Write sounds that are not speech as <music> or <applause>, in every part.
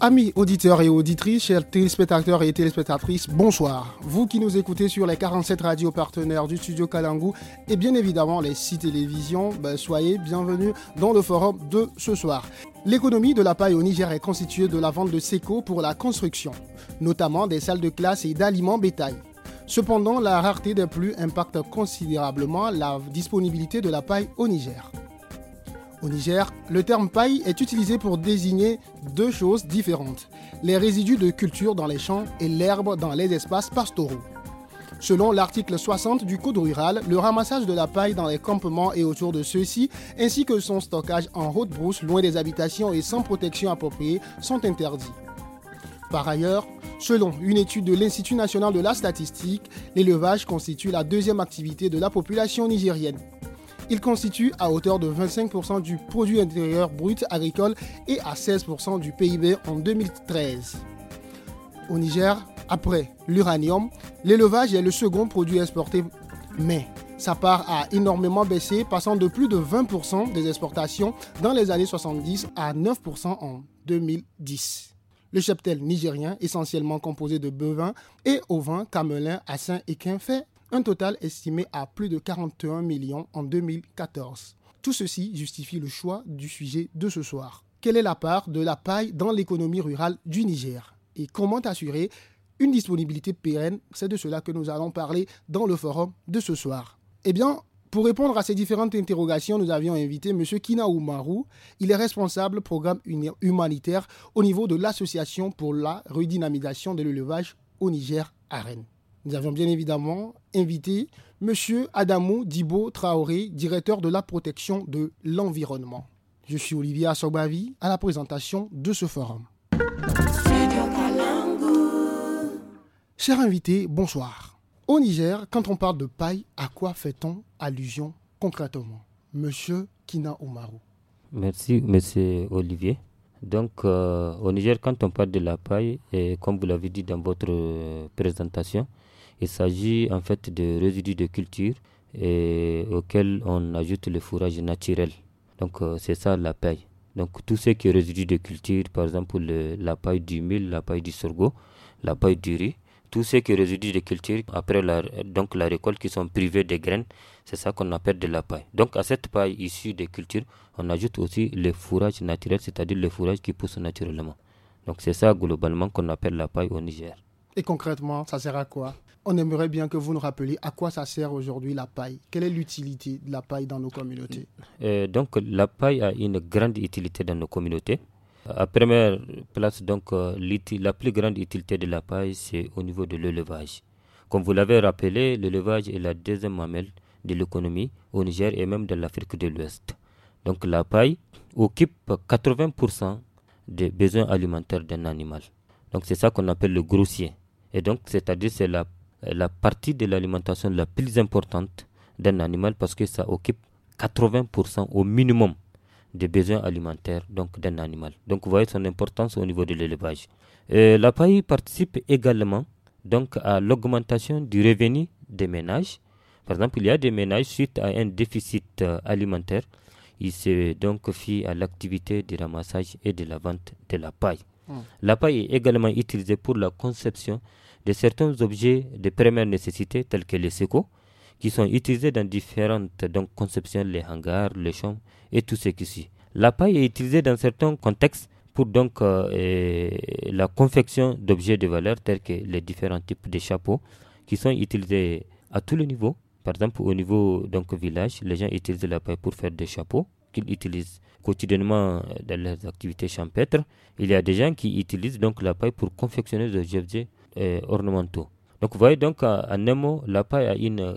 Amis auditeurs et auditrices, chers téléspectateurs et téléspectatrices, bonsoir. Vous qui nous écoutez sur les 47 radios partenaires du studio Kalangu et bien évidemment les sites télévisions, ben, soyez bienvenus dans le forum de ce soir. L'économie de la paille au Niger est constituée de la vente de séco pour la construction, notamment des salles de classe et d'aliments bétail. Cependant, la rareté des pluies impacte considérablement la disponibilité de la paille au Niger. Au Niger, le terme paille est utilisé pour désigner deux choses différentes, les résidus de culture dans les champs et l'herbe dans les espaces pastoraux. Selon l'article 60 du Code rural, le ramassage de la paille dans les campements et autour de ceux-ci, ainsi que son stockage en haute brousse loin des habitations et sans protection appropriée, sont interdits. Par ailleurs, selon une étude de l'Institut national de la statistique, l'élevage constitue la deuxième activité de la population nigérienne. Il constitue à hauteur de 25% du produit intérieur brut agricole et à 16% du PIB en 2013. Au Niger, après l'uranium, l'élevage est le second produit exporté, mais sa part a énormément baissé, passant de plus de 20% des exportations dans les années 70 à 9% en 2010. Le cheptel nigérien, essentiellement composé de bovins et ovins, camelins, assins et quinfaits, un total estimé à plus de 41 millions en 2014. Tout ceci justifie le choix du sujet de ce soir. Quelle est la part de la paille dans l'économie rurale du Niger et comment assurer une disponibilité pérenne C'est de cela que nous allons parler dans le forum de ce soir. Eh bien, pour répondre à ces différentes interrogations, nous avions invité M. Kina Marou. Il est responsable programme humanitaire au niveau de l'Association pour la redynamisation de l'élevage au Niger à Rennes. Nous avons bien évidemment invité M. Adamo Dibo Traoré, directeur de la protection de l'environnement. Je suis Olivier Assobavi à la présentation de ce forum. Cher invités, bonsoir. Au Niger, quand on parle de paille, à quoi fait-on allusion concrètement Monsieur Kina Oumarou. Merci, monsieur Olivier. Donc, euh, au Niger, quand on parle de la paille, et comme vous l'avez dit dans votre présentation, il s'agit en fait de résidus de culture et auxquels on ajoute le fourrage naturel. Donc euh, c'est ça la paille. Donc tout ce qui est résidus de culture, par exemple la paille du mil, la paille du sorgho, la paille du riz, tout ce qui est résidus de culture après la, donc la récolte qui sont privés des graines, c'est ça qu'on appelle de la paille. Donc à cette paille issue des cultures, on ajoute aussi le fourrage naturel, c'est-à-dire le fourrage qui pousse naturellement. Donc c'est ça globalement qu'on appelle la paille au Niger. Et concrètement, ça sert à quoi on aimerait bien que vous nous rappeliez à quoi ça sert aujourd'hui la paille. Quelle est l'utilité de la paille dans nos communautés euh, Donc la paille a une grande utilité dans nos communautés. À première place, donc, euh, la plus grande utilité de la paille, c'est au niveau de l'élevage. Comme vous l'avez rappelé, l'élevage est la deuxième mamelle de l'économie au Niger et même dans l'Afrique de l'Ouest. Donc la paille occupe 80% des besoins alimentaires d'un animal. Donc c'est ça qu'on appelle le grossier. Et donc, c'est-à-dire c'est la la partie de l'alimentation la plus importante d'un animal parce que ça occupe 80% au minimum des besoins alimentaires donc d'un animal. Donc vous voyez son importance au niveau de l'élevage. la paille participe également donc à l'augmentation du revenu des ménages. Par exemple, il y a des ménages suite à un déficit euh, alimentaire, ils se donc fient à l'activité du ramassage et de la vente de la paille. Mmh. La paille est également utilisée pour la conception de certains objets de première nécessité tels que les secours, qui sont utilisés dans différentes donc, conceptions, les hangars, les chambres et tout ce qui suit. La paille est utilisée dans certains contextes pour donc euh, la confection d'objets de valeur tels que les différents types de chapeaux qui sont utilisés à tous les niveaux. Par exemple, au niveau donc village, les gens utilisent la paille pour faire des chapeaux qu'ils utilisent quotidiennement dans leurs activités champêtres. Il y a des gens qui utilisent donc la paille pour confectionner des objets ornementaux. Donc vous voyez donc euh, en un mot, la paille a une euh,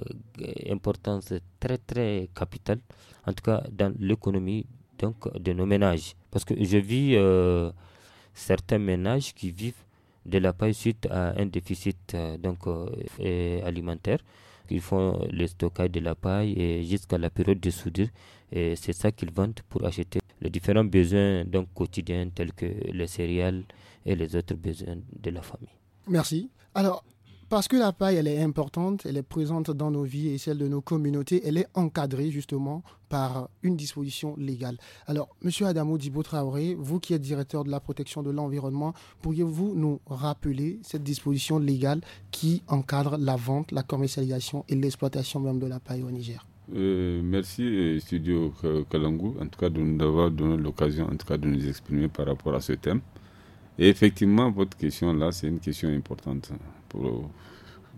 importance très très capitale, en tout cas dans l'économie donc de nos ménages. Parce que je vis euh, certains ménages qui vivent de la paille suite à un déficit donc alimentaire. Ils font le stockage de la paille jusqu'à la période de soudure et c'est ça qu'ils vendent pour acheter les différents besoins donc quotidiens tels que les céréales et les autres besoins de la famille. Merci. Alors, parce que la paille, elle est importante, elle est présente dans nos vies et celle de nos communautés, elle est encadrée justement par une disposition légale. Alors, Monsieur Adamo Dibo vous qui êtes directeur de la protection de l'environnement, pourriez-vous nous rappeler cette disposition légale qui encadre la vente, la commercialisation et l'exploitation même de la paille au Niger euh, merci euh, Studio Kalangu, en tout cas de nous d'avoir donné l'occasion en tout cas de nous exprimer par rapport à ce thème effectivement, votre question là, c'est une question importante pour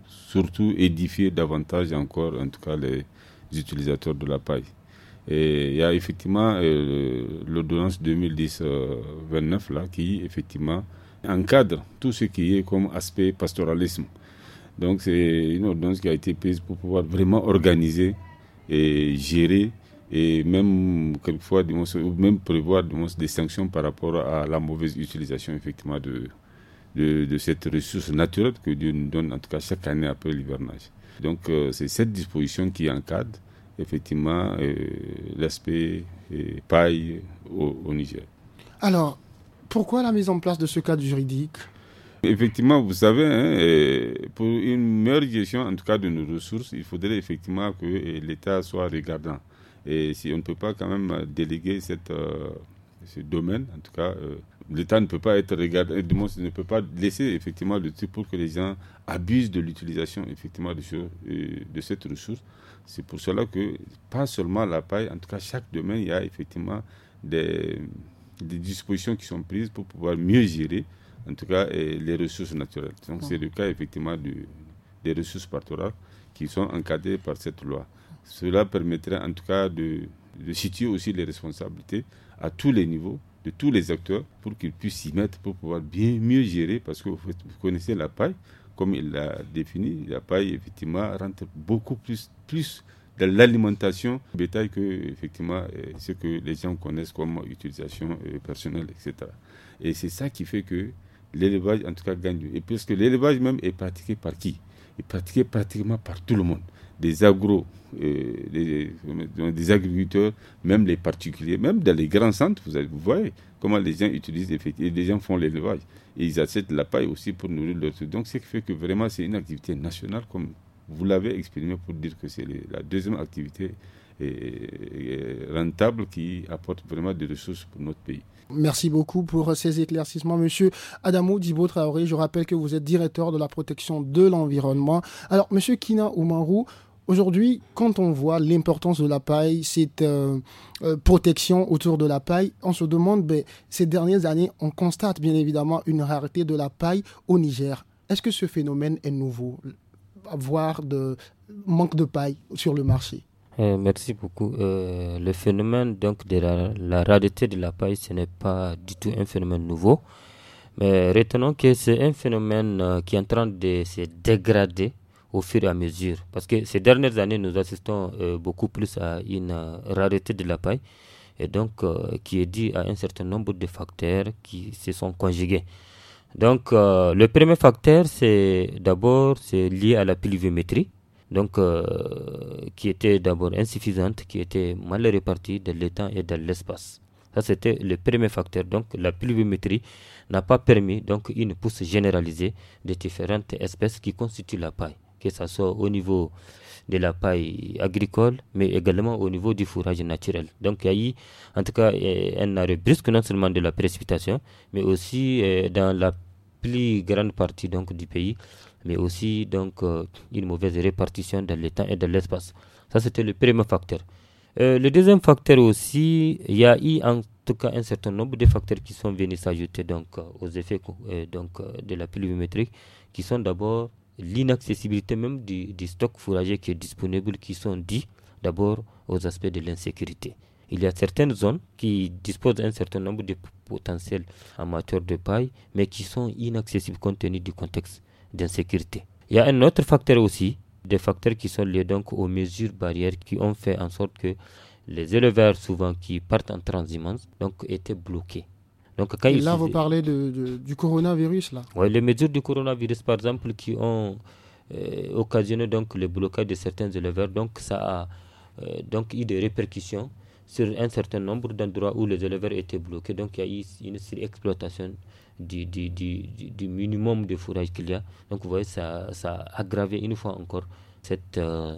surtout édifier davantage encore, en tout cas, les utilisateurs de la paille. Et il y a effectivement euh, l'ordonnance 2010-29 euh, là qui effectivement encadre tout ce qui est comme aspect pastoralisme. Donc c'est une ordonnance qui a été prise pour pouvoir vraiment organiser et gérer et même quelquefois même prévoir des sanctions par rapport à la mauvaise utilisation effectivement de, de, cette ressource naturelle que Dieu nous donne en tout cas chaque année après l'hivernage. Donc euh, c'est cette disposition qui encadre effectivement euh, l'aspect euh, paille au, Niger. Alors, pourquoi la mise en place de ce cadre juridique Effectivement, vous savez, hein, pour une meilleure gestion en tout cas de nos ressources, il faudrait effectivement que l'État soit regardant. Et si on ne peut pas quand même déléguer cette, euh, ce domaine, en tout cas, euh, l'État ne peut pas être regardé, euh, du moins, ne peut pas laisser effectivement le truc pour que les gens abusent de l'utilisation effectivement de, cette ressource. C'est pour cela que, pas seulement la paille, en tout cas, chaque domaine, il y a effectivement des, dispositions qui sont prises pour pouvoir mieux gérer, en tout cas, les ressources naturelles. Donc, c'est le cas effectivement des ressources pastorales qui sont encadrées par cette loi. Cela permettrait en tout cas de, situer aussi les responsabilités à tous les niveaux de tous les acteurs pour qu'ils puissent s'y mettre pour pouvoir bien mieux gérer parce que vous connaissez la paille comme il l'a défini la paille effectivement rentre beaucoup plus plus dans l'alimentation bétail que effectivement euh, ce que les gens connaissent comme utilisation euh, personnelle etc et c'est ça qui fait que l'élevage en tout cas gagne et puisque l'élevage même est pratiqué par qui est pratiqué pratiquement par tout le monde les agro, euh, euh, des agriculteurs, même les particuliers, même dans les grands centres, vous, voyez comment les gens utilisent et les gens font l'élevage. Et ils achètent la paille aussi pour nourrir leurs trucs. Donc, ce qui fait que vraiment, c'est une activité nationale, comme vous l'avez exprimé pour dire que c'est la deuxième activité rentable qui apporte vraiment des ressources pour notre pays. Merci beaucoup pour ces éclaircissements, Monsieur Adamou Dibo Je rappelle que vous êtes directeur de la protection de l'environnement. Alors, Monsieur Kina Oumarou, Aujourd'hui, quand on voit l'importance de la paille, cette euh, euh, protection autour de la paille, on se demande, ben, ces dernières années, on constate bien évidemment une rareté de la paille au Niger. Est-ce que ce phénomène est nouveau, avoir de manque de paille sur le marché eh, Merci beaucoup. Euh, le phénomène donc de la, la, rareté de la paille, ce n'est pas du tout un phénomène nouveau. Mais retenons que c'est un phénomène qui est en train de se dégrader au fur et à mesure. Parce que ces dernières années, nous assistons euh, beaucoup plus à une euh, rareté de la paille, et donc euh, qui est due à un certain nombre de facteurs qui se sont conjugués. Donc euh, le premier facteur, c'est d'abord c'est lié à la pluviométrie, donc qui était d'abord insuffisante, qui était mal répartie dans le temps et dans l'espace. Ça, c'était le premier facteur. Donc, la pluviométrie n'a pas permis donc, une pousse généralisée des différentes espèces qui constituent la paille que ce soit au niveau de la paille agricole, mais également au niveau du fourrage naturel. Donc il y a eu en tout cas eh, un arrêt brusque non seulement de la précipitation, mais aussi eh, dans la plus grande partie donc, du pays, mais aussi donc, euh, une mauvaise répartition dans le temps et dans l'espace. Ça, c'était le premier facteur. Euh, le deuxième facteur aussi, il y a eu en tout cas un certain nombre de facteurs qui sont venus s'ajouter donc, euh, aux effets donc, de la pluviométrie, qui sont d'abord l'inaccessibilité même du, stock fourragé qui est disponible, qui sont dits d'abord aux aspects de l'insécurité. Il y a certaines zones qui disposent d'un certain nombre de potentiels amateurs de paille, mais qui sont inaccessibles compte tenu du contexte d'insécurité. Il y a un autre facteur aussi, des facteurs qui sont liés donc aux mesures barrières qui ont fait en sorte que les éleveurs souvent qui partent en transhumance donc étaient bloqués donc, Et là, vous parlez de, du coronavirus, là Oui, les mesures du coronavirus, par exemple, qui ont euh, occasionné donc, le blocage de certains éleveurs, donc ça a euh, donc, eu des répercussions sur un certain nombre d'endroits où les éleveurs étaient bloqués. Donc, il y a eu une exploitation du, du, minimum de fourrage qu'il y a. Donc, vous voyez, ça, ça a aggravé une fois encore cette euh,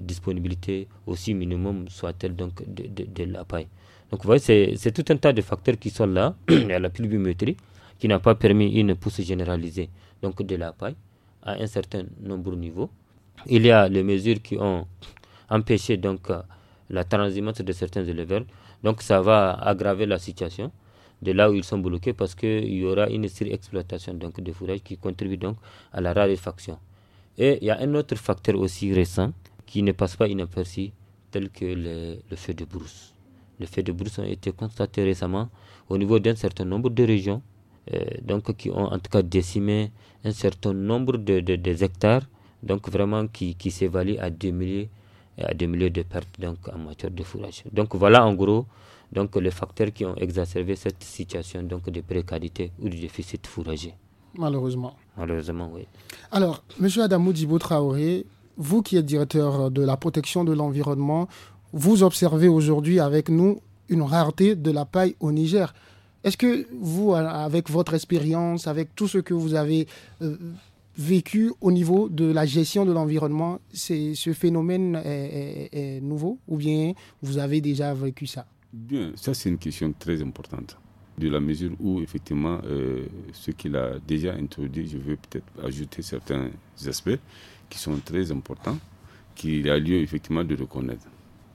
disponibilité, aussi minimum soit-elle, donc de la paille. Donc vous voyez, c'est tout un tas de facteurs qui sont là, à <clears throat> la pluviométrie, qui n'a pas permis une pousse généralisée donc de la paille à un certain nombre de niveaux. Il y a les mesures qui ont empêché donc la transhumance de certains éleveurs. Donc ça va aggraver la situation de là où ils sont bloqués parce qu'il y aura une surexploitation donc de fourrage qui contribue donc à la raréfaction. Et il y a un autre facteur aussi récent qui ne passe pas inaperçu tel que le feu de brousse. Le fait de brousse a été constaté récemment au niveau d'un certain nombre de régions, euh, donc qui ont en tout cas décimé un certain nombre de, hectares, donc vraiment qui, qui à des milliers à de pertes donc en matière de fourrage. Donc voilà en gros donc les facteurs qui ont exacerbé cette situation donc de précarité ou de déficit fourrager. Malheureusement. Malheureusement, oui. Alors, M. Adamou Djibo vous qui êtes directeur de la protection de l'environnement, vous observez aujourd'hui avec nous une rareté de la paille au Niger. Est-ce que vous, euh, avec votre expérience, avec tout ce que vous avez euh, vécu au niveau de la gestion de l'environnement, ce phénomène est, nouveau ou bien vous avez déjà vécu ça Bien, ça c'est une question très importante, de la mesure où effectivement euh, ce qu'il a déjà introduit, je veux peut-être ajouter certains aspects qui sont très importants, qu'il a lieu effectivement de reconnaître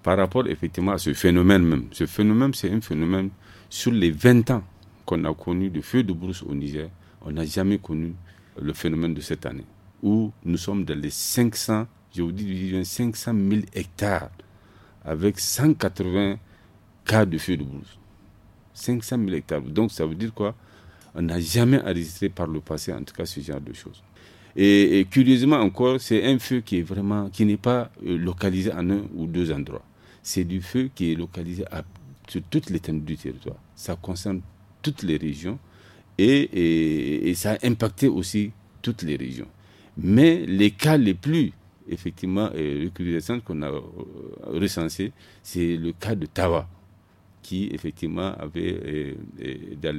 par rapport effectivement à ce phénomène même. Ce phénomène, c'est un phénomène sur les 20 ans qu'on a connu de feu de brousse au Niger, on n'a jamais connu le phénomène de cette année, où nous sommes dans les 500, je vous dis 500 000 hectares, avec 180 cas de feu de brousse. 500 000 hectares. Donc ça veut dire quoi On n'a jamais enregistré par le passé, en tout cas, ce genre de choses. Et, et curieusement encore, c'est un feu qui est vraiment, qui n'est pas euh, localisé en un ou deux endroits c'est du feu qui est localisé à, sur toute l'étendue du territoire. Ça concerne toutes les régions et, ça a impacté aussi toutes les régions. Mais les cas les plus effectivement euh, qu'on a euh, recensés, c'est le cas de Tawa, qui effectivement avait euh, dans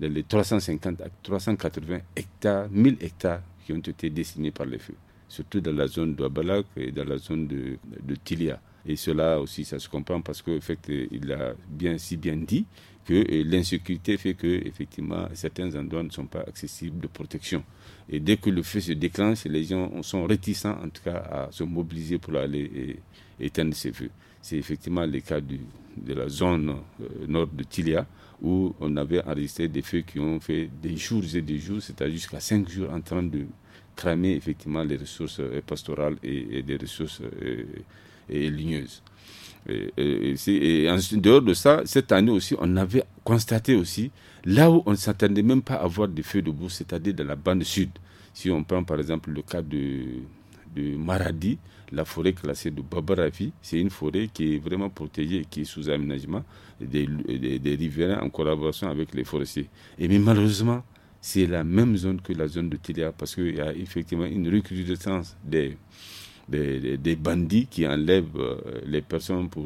les 350 à 380 hectares, 1000 hectares qui ont été dessinés par les feux, surtout dans la zone d'Ouabalak et dans la zone de Tilia. Et cela aussi, ça se comprend parce que, fait euh, il a bien si bien dit que euh, l'insécurité fait que, effectivement, certains endroits ne sont pas accessibles de protection. Et dès que le feu se déclenche, les gens sont réticents, en tout cas, à se mobiliser pour aller euh, éteindre ces feux. C'est effectivement le cas du, de la zone nord de Tilia où on avait enregistré des feux qui ont fait des jours et des jours, c'est-à-dire jusqu'à cinq jours en train de cramer effectivement les ressources pastorales et, des ressources et ligneuse. Et, en dehors de ça, cette année aussi, on avait constaté aussi là où on ne s'attendait même pas à voir des feux de boue c'est-à-dire dans la bande sud. Si on prend par exemple le cas de, de Maradi, la forêt classée de Babaravi, c'est une forêt qui est vraiment protégée, qui est sous aménagement des, des, riverains en collaboration avec les forestiers. Et mais malheureusement, c'est la même zone que la zone de Tilia parce qu'il y a effectivement une recrudescence des, des, bandits qui enlèvent euh, les personnes pour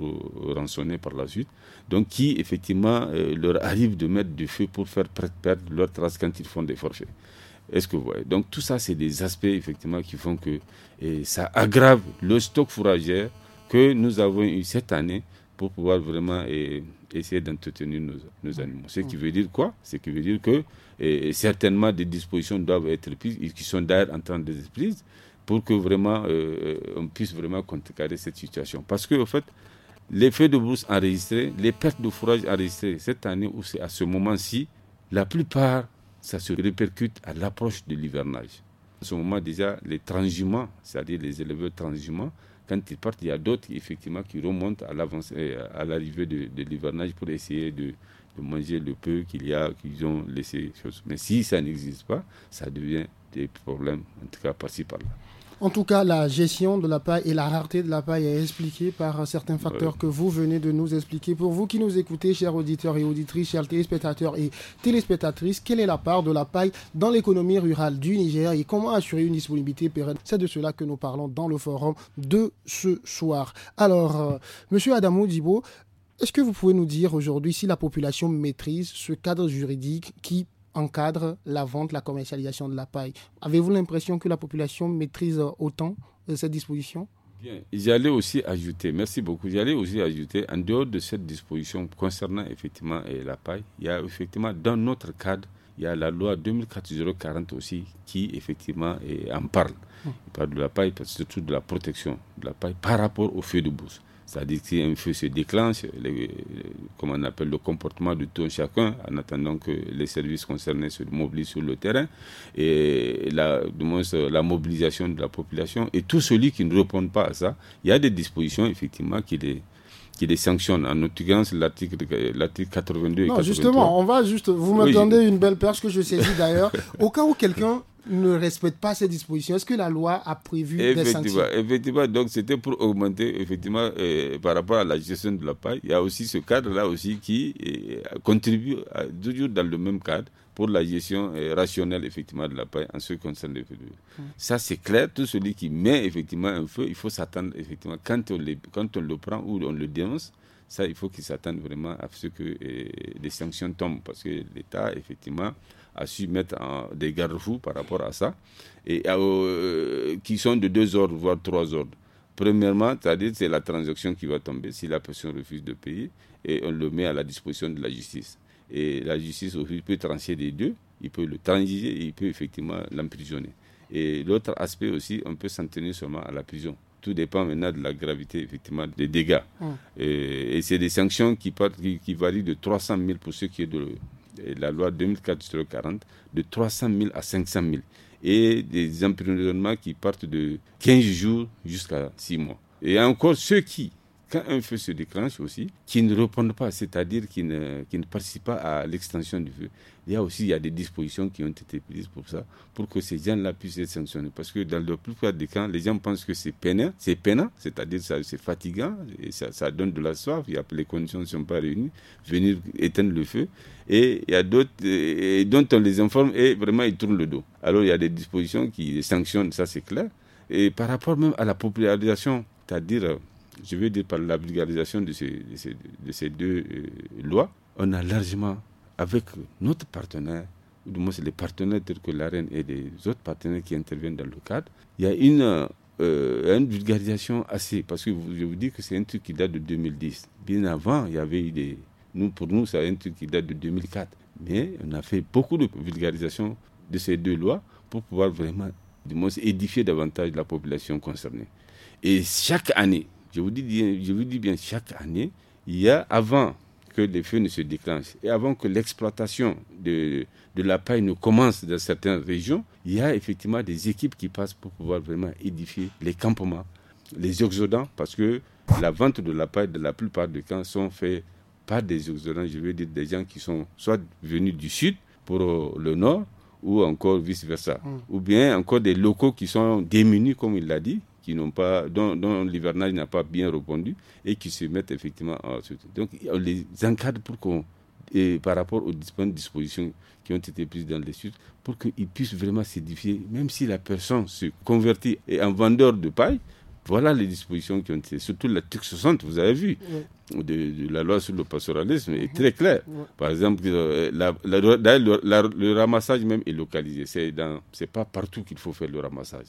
rançonner par la suite, donc qui effectivement euh, leur arrive de mettre du feu pour faire perdre leurs traces quand ils font des forfaits. Est-ce que vous voyez Donc tout ça, c'est des aspects effectivement qui font que ça aggrave le stock fourragère que nous avons eu cette année pour pouvoir vraiment essayer d'entretenir nos, animaux. Ce qui veut dire quoi Ce qui veut dire que certainement des dispositions doivent être prises, qui sont d'ailleurs en train d'être prises, pour que vraiment euh, euh, on puisse vraiment contrecarrer cette situation. Parce que, en fait, les feux de brousse enregistrés, les pertes de fourrage enregistrées cette année ou à ce moment-ci, la plupart, ça se répercute à l'approche de l'hivernage. À ce moment, déjà, les transhumants, c'est-à-dire les éleveurs transhumants, quand ils partent, il y a d'autres effectivement qui remontent à euh, à l'arrivée de, de l'hivernage pour essayer de, de manger le peu qu'il y a, qu'ils ont laissé. Mais si ça n'existe pas, ça devient des problèmes, en tout cas par En tout cas, la gestion de la paille et la rareté de la paille est expliquée par certains facteurs que vous venez de nous expliquer. Pour vous qui nous écoutez, chers auditeurs et auditrices, chers téléspectateurs et téléspectatrices, quelle est la part de la paille dans l'économie rurale du Niger et comment assurer une disponibilité pérenne C'est de cela que nous parlons dans le forum de ce soir. Alors, euh, Monsieur Adamo Dibo, est-ce que vous pouvez nous dire aujourd'hui si la population maîtrise ce cadre juridique qui encadre la vente, la commercialisation de la paille. Avez-vous l'impression que la population maîtrise autant euh, cette disposition Bien, j'allais aussi ajouter, merci beaucoup, j'allais aussi ajouter, en dehors de cette disposition concernant effectivement euh, la paille, il y a effectivement dans notre cadre, il y a la loi 2040 aussi qui effectivement euh, en parle. Hum. Il parle de la paille, surtout de la protection de la paille par rapport au feu de bourse. C'est-à-dire que si un feu se déclenche, comme on appelle le comportement de tout un chacun, en attendant que les services concernés se mobilisent sur le terrain, et la, moins, la mobilisation de la population, et tout celui qui ne répond pas à ça, il y a des dispositions effectivement qui les, qui les sanctionne. En l'occurrence, l'article 82 et 83. justement, on va juste... Vous me donnez une belle perche que je saisis d'ailleurs. <laughs> au cas où quelqu'un ne respectent pas ces dispositions. Est-ce que la loi a prévu des sanctions Effectivement, donc c'était pour augmenter, effectivement, euh, par rapport à la gestion de la paille. Il y a aussi ce cadre-là aussi qui euh, contribue toujours dans le même cadre pour la gestion euh, rationnelle, effectivement, de la paille en ce qui concerne les feux. Hmm. Ça, c'est clair. Tout celui qui met, effectivement, un feu, il faut s'attendre, effectivement, quand on, quand on le prend ou on le dénonce, ça, il faut qu'il s'attende vraiment à ce que les sanctions tombent parce que l'État, effectivement, à su mettre en, des garde-fous par rapport à ça, et euh, qui sont de deux ordres, voire trois ordres. Premièrement, c'est-à-dire c'est la transaction qui va tomber si la personne refuse de payer, et on le met à la disposition de la justice. Et la justice peut trancher des deux, il peut le transiger il peut effectivement l'emprisonner. Et l'autre aspect aussi, on peut s'en tenir seulement à la prison tout dépend maintenant de la gravité effectivement des dégâts. Et, c'est des sanctions qui, qui, varient de 300 000 pour ceux qui ont de, la loi 2004-40 de 300 000 à 500 000 et des emprisonnements qui partent de 15 jours jusqu'à 6 mois. Et encore ceux qui quand un feu se déclenche aussi, qui ne répondent pas, c'est-à-dire qui ne, qui ne participent pas à l'extension du feu, il y a aussi il y a des dispositions qui ont été prises pour ça, pour que ces gens-là puissent être sanctionnés. Parce que dans le plupart des cas, les gens pensent que c'est peinant, c'est pénant, c'est-à-dire ça c'est fatigant ça, ça, donne de la soif. Il y a, les conditions ne sont pas réunies, venir éteindre le feu. Et il y a d'autres dont on les informe et vraiment ils tournent le dos. Alors il y a des dispositions qui sanctionnent, ça c'est clair. Et par rapport même à la popularisation, c'est-à-dire je veux dire par la vulgarisation de, de, ces, deux euh, lois, on a largement, avec notre partenaire, ou du moins les partenaires tels que reine et les autres partenaires qui interviennent dans le cadre, il y a une, euh, une vulgarisation assez, parce que je vous dis que c'est un truc qui date de 2010. Bien avant, il y avait eu des... Nous, pour nous, c'est un truc qui date de 2004. Mais on a fait beaucoup de vulgarisation de ces deux lois pour pouvoir vraiment, du moins, édifier davantage la population concernée. Et chaque année, je vous dis bien, je vous dis bien chaque année, il y a avant que les feux ne se déclenchent et avant que l'exploitation de, de la paille ne commence dans certaines régions, il y a effectivement des équipes qui passent pour pouvoir vraiment édifier les campements, les exodants, parce que la vente de la paille, de la plupart des camps, sont faits par des exodants, je veux dire des gens qui sont soit venus du sud pour euh, le nord, ou encore vice-versa. Mmh. Ou bien encore des locaux qui sont démunis, comme il l'a dit, qui n'ont pas, dont, l'hivernage n'a pas bien répondu et qui se mettent effectivement en Donc, on les encadre pour qu'on, par rapport aux dispositions qui ont été prises dans les suites, pour qu'ils puissent vraiment s'édifier, même si la personne se convertit en vendeur de paille, voilà les dispositions qui ont été, surtout l'article 60, vous avez vu, de, la loi sur le pastoralisme est très clair. Par exemple, euh, le ramassage même est localisé. C'est pas partout qu'il faut faire le ramassage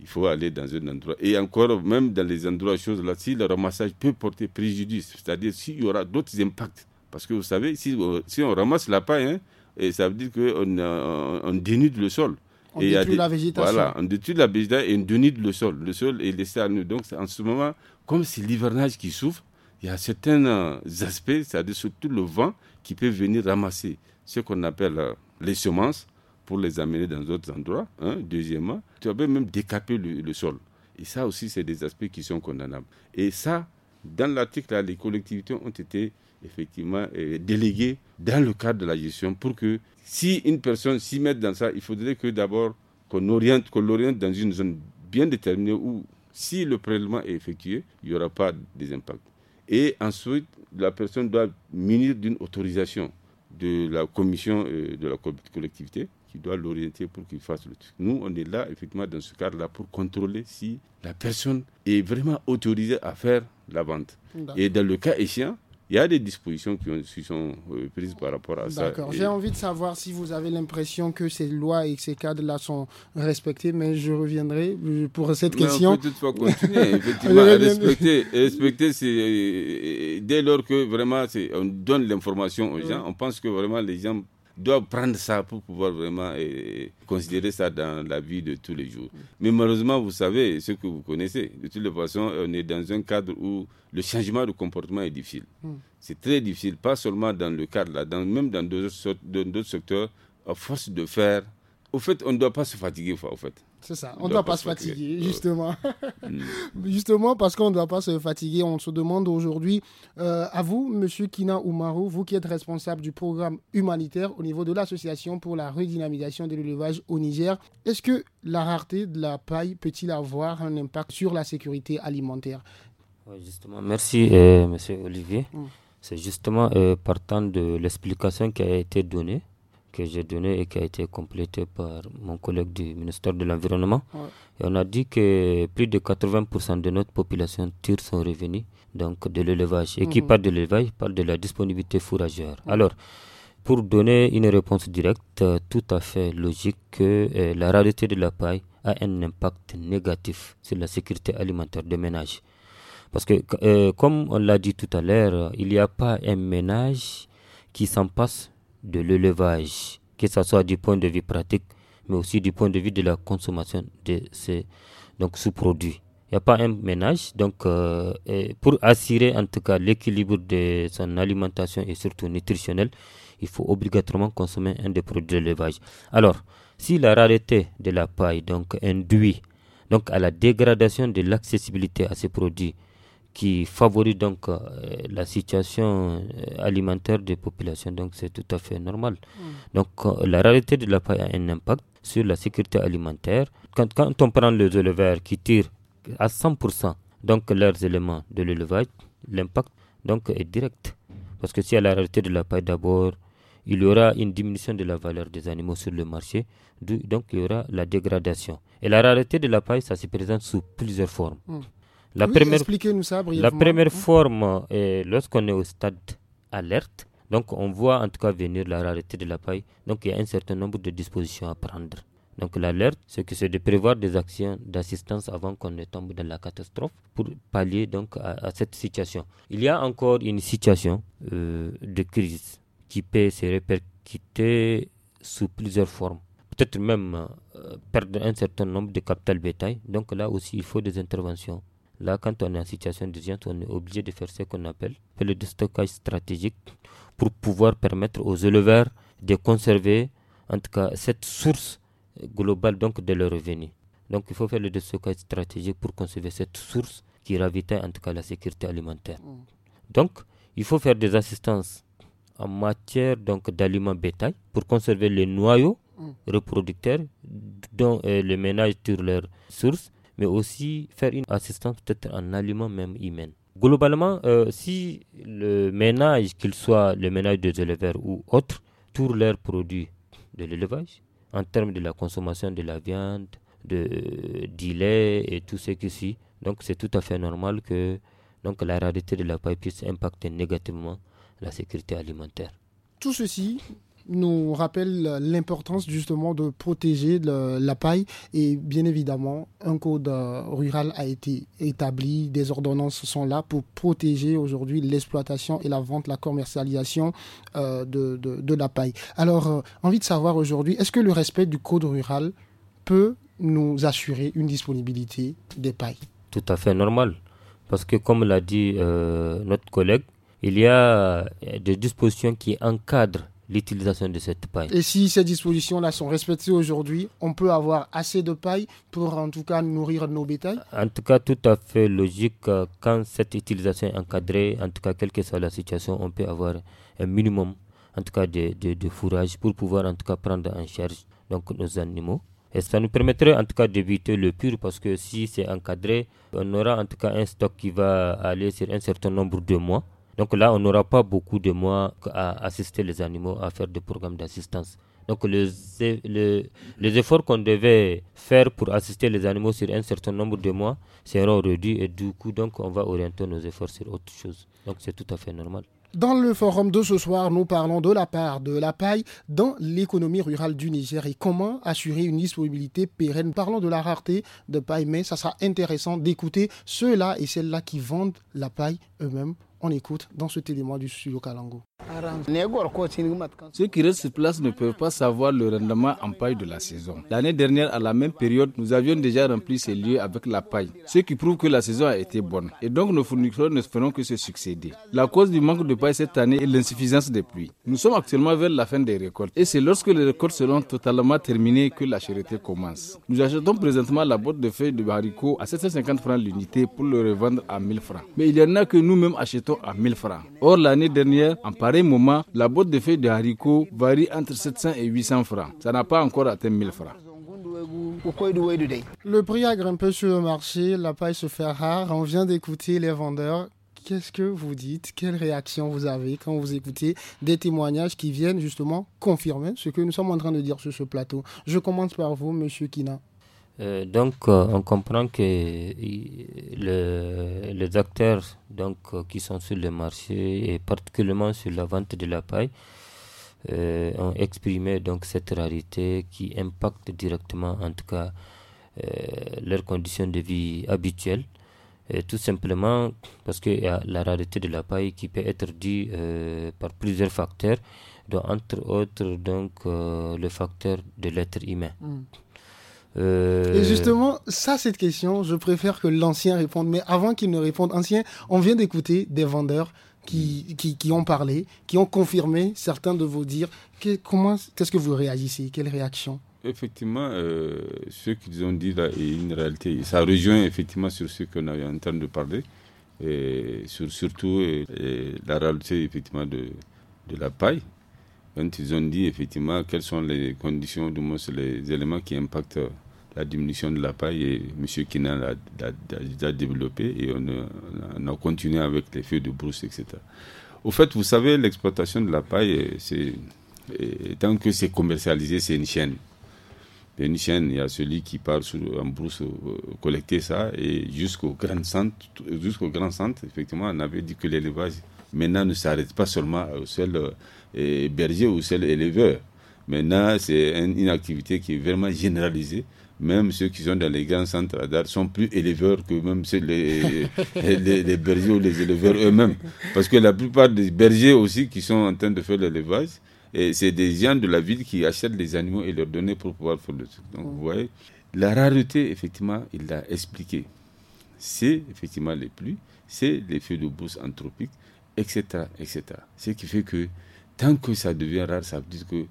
il faut aller dans un endroit. Et encore, même dans les endroits, choses là, si le ramassage peut porter préjudice, c'est-à-dire s'il y aura d'autres impacts. Parce que vous savez, si, on, euh, si on ramasse la paille, hein, et ça veut dire qu'on on, euh, on dénude le sol. On et détruit la végétation. Voilà, on détruit la végétation et on dénude le sol. Le sol est laissé à nous. Donc en ce moment, comme c'est l'hivernage qui souffre, il y a certains euh, aspects, c'est-à-dire surtout le vent, qui peut venir ramasser ce qu'on appelle les semences pour les amener dans d'autres endroits. Hein, deuxièmement, tu as même décapé le, sol. Et ça aussi, c'est des aspects qui sont condamnables. Et ça, dans l'article, les collectivités ont été effectivement euh, déléguées dans le cadre de la gestion pour que si une personne s'y met dans ça, il faudrait que d'abord qu'on oriente, qu'on l'oriente dans une zone bien déterminée où si le prélèvement est effectué, il n'y aura pas des impacts. Et ensuite, la personne doit munir d'une autorisation de la commission euh, de la collectivité qui doit l'orienter pour qu'il fasse le truc. Nous, on est là, effectivement, dans ce cadre-là, pour contrôler si la personne est vraiment autorisée à faire la vente. Et dans le cas échéant, il y a des dispositions qui, sont euh, prises par rapport à ça. D'accord. J'ai envie de savoir si vous avez l'impression que ces lois et ces cadres-là sont respectés, mais je reviendrai pour cette question. On peut toutefois continuer, <laughs> effectivement, respecter. Respecter, c'est dès lors que vraiment on donne l'information aux gens, on pense que vraiment les gens doit prendre ça pour pouvoir vraiment euh, considérer ça dans la vie de tous les jours. Mais malheureusement, vous savez, ce que vous connaissez, de toutes les façons, on est dans un cadre où le changement de comportement est difficile. Hmm. C'est très difficile, pas seulement dans le cadre là, dans, même dans d'autres secteurs, à force de faire. Au fait, on ne doit pas se fatiguer, au fait. C'est ça, on ne doit, pas, se fatiguer, euh, justement. <laughs> Mm. <laughs> justement, parce qu'on ne doit pas se fatiguer, on se demande aujourd'hui, euh, à vous, Monsieur Kina Oumarou, vous qui êtes responsable du programme humanitaire au niveau de l'Association pour la redynamisation de l'élevage au Niger, est-ce que la rareté de la paille peut-il avoir un impact sur la sécurité alimentaire Justement, merci, euh, M. Olivier. Mm. C'est justement partant de l'explication qui a été donnée que j'ai donné et qui a été complété par mon collègue du ministère de l'Environnement. on a dit que plus de 80% de notre population tire son revenu donc de l'élevage. Et qui mhm. parle de l'élevage parle de la disponibilité fourragère. Alors, pour donner une réponse directe, tout à fait logique que euh, la rareté de la paille a un impact négatif sur la sécurité alimentaire des ménages. Parce que, euh, comme on l'a dit tout à l'heure, il n'y a pas un ménage qui s'en passe de l'élevage, que ce soit du point de vue pratique, mais aussi du point de vue de la consommation de ces donc, sous-produits. Il n'y a pas un ménage, donc euh, pour assurer en tout cas l'équilibre de son alimentation et surtout nutritionnelle, il faut obligatoirement consommer un des produits d'élevage. Alors, si la rareté de la paille donc induit donc à la dégradation de l'accessibilité à ces produits, qui favorise donc euh, la situation euh, alimentaire des populations. Donc c'est tout à fait normal. Mm. Donc euh, la rareté de la paille a un impact sur la sécurité alimentaire. Quand, quand on prend les éleveurs qui tirent à 100% donc leurs éléments de l'élevage, l'impact donc est direct. Parce que si à la rareté de la paille d'abord, il y aura une diminution de la valeur des animaux sur le marché, donc il y aura la dégradation. Et la rareté de la paille, ça se présente sous plusieurs formes. Mm. La première, nous ça La première forme, est lorsqu'on est au stade alerte, donc on voit en tout cas venir la rareté de la paille, donc il y a un certain nombre de dispositions à prendre. Donc l'alerte, c'est que c'est de prévoir des actions d'assistance avant qu'on ne tombe dans la catastrophe pour pallier donc à, cette situation. Il y a encore une situation euh, de crise qui peut se répercuter sous plusieurs formes. Peut-être même euh, perdre un certain nombre de capital bétail. Donc là aussi, il faut des interventions Là, quand on est en situation d'urgence, on est obligé de faire ce qu'on appelle le stockage stratégique pour pouvoir permettre aux éleveurs de conserver, en tout cas, cette source globale donc de leurs revenus. Donc, il faut faire le stockage stratégique pour conserver cette source qui ravitaille en tout cas la sécurité alimentaire. Mmh. Donc, il faut faire des assistances en matière donc d'aliments bétail pour conserver les noyaux mmh. reproducteurs dont le euh, les ménages tirent leurs sources mais aussi faire une assistance peut-être en aliment même humain. Globalement, euh, si le ménage, qu'il soit le ménage des éleveurs ou autre, tourne leurs produits de l'élevage, en termes de la consommation de la viande, de, du lait et tout ce qui suit, donc c'est tout à fait normal que donc, la rareté de la paille puisse impacter négativement la sécurité alimentaire. Tout ceci nous rappelle l'importance justement de protéger la paille et bien évidemment un code euh, rural a été établi, des ordonnances sont là pour protéger aujourd'hui l'exploitation et la vente, la commercialisation euh, de, la paille. Alors euh, envie de savoir aujourd'hui, est-ce que le respect du code rural peut nous assurer une disponibilité des pailles Tout à fait normal, parce que comme l'a dit notre collègue, il y a des dispositions qui encadrent l'utilisation de cette paille. Et si ces dispositions-là sont respectées aujourd'hui, on peut avoir assez de paille pour en tout cas nourrir nos bétails En tout cas, tout à fait logique. Euh, quand cette utilisation est encadrée, en tout cas, quelle que soit la situation, on peut avoir un minimum en tout cas de, de, de fourrage pour pouvoir en tout cas prendre en charge donc, nos animaux. Et ça nous permettrait en tout cas d'éviter le pur parce que si c'est encadré, on aura en tout cas un stock qui va aller sur un certain nombre de mois. Donc là, on n'aura pas beaucoup de mois à assister les animaux, à faire des programmes d'assistance. Donc e, les, efforts qu'on devait faire pour assister les animaux sur un certain nombre de mois seront réduits et du coup, donc, on va orienter nos efforts sur autre chose. Donc c'est tout à fait normal. Dans le forum de ce soir, nous parlons de la part de la paille dans l'économie rurale du Niger et comment assurer une disponibilité pérenne. Parlons de la rareté de paille, mais ça sera intéressant d'écouter ceux-là et celles-là qui vendent la paille eux-mêmes on écoute dans ce témoin du studio Kalango. Ceux qui restent sur place ne peuvent pas savoir le rendement en paille de la saison. L'année dernière, à la même période, nous avions déjà rempli ces lieux avec la paille, ce qui prouve que la saison a été bonne. Et donc nos fournisseurs ne feront que se succéder. La cause du manque de paille cette année est l'insuffisance des pluies. Nous sommes actuellement vers la fin des récoltes et c'est lorsque les récoltes seront totalement terminées que la charité commence. Nous achetons présentement la boîte de feuilles de haricot à 750 francs l'unité pour le revendre à 1000 francs. Mais il y en a que nous-mêmes achetons à 1000 francs. Or, l'année dernière, en paille, pareil moment, la boîte de feuilles de haricots varie entre 700 et 800 francs. Ça n'a pas encore atteint 1000 francs. Le prix a grimpé sur le marché, la paille se fait rare. On vient d'écouter les vendeurs qu'est-ce que vous dites Quelle réaction vous avez quand vous écoutez des témoignages qui viennent justement confirmer ce que nous sommes en train de dire sur ce plateau Je commence par vous, Monsieur Kina. Euh, donc, euh, on comprend que euh, les acteurs donc, qui sont sur le marché et particulièrement sur la vente de la paille ont exprimé donc, cette rarité qui impacte directement, en tout cas, leurs conditions de vie habituelles. tout simplement parce que la rareté de la paille qui peut être due par plusieurs facteurs, dont entre autres donc, le facteur de l'être humain. Mm. Euh, et justement, ça, cette question, je préfère que l'ancien réponde. Mais avant qu'il ne réponde, ancien, on vient d'écouter des vendeurs qui, qui, ont parlé, qui ont confirmé certains de vos dires. qu'est-ce que vous réagissez Quelle réaction Effectivement, euh, ce qu'ils ont dit là est une réalité. Ça rejoint effectivement sur ce qu'on avait en train de parler, et surtout euh, la réalité effectivement de la paille ils ont dit effectivement quelles sont les conditions, du moins les éléments qui impactent la diminution de la paille, et M. Kinan l'a développé et on a, continué avec les feux de brousse, etc. Au fait, vous savez, l'exploitation de la paille, c'est tant que c'est commercialisé, c'est une chaîne. Une chaîne, il y a celui qui part sur, en brousse euh, collecter ça et jusqu'au grand centre, jusqu'au grand centre, effectivement, on avait dit que l'élevage maintenant ne s'arrête pas seulement aux seuls euh, bergers ou ou seuls éleveurs. Maintenant, c'est une activité qui est vraiment généralisée. Même ceux qui sont dans les grands centres d'art sont plus éleveurs que même <laughs> les, bergers ou les éleveurs eux-mêmes. Parce que la plupart des bergers aussi qui sont en train de faire l'élevage, c'est des gens de la ville qui achètent les animaux et leur donnent pour pouvoir faire le truc. Donc vous voyez, la rareté, effectivement, il l'a expliqué. C'est effectivement les pluies, c'est les feux de brousse anthropiques, etc., etc. Ce qui fait que tant que ça devient rare, ça veut dire que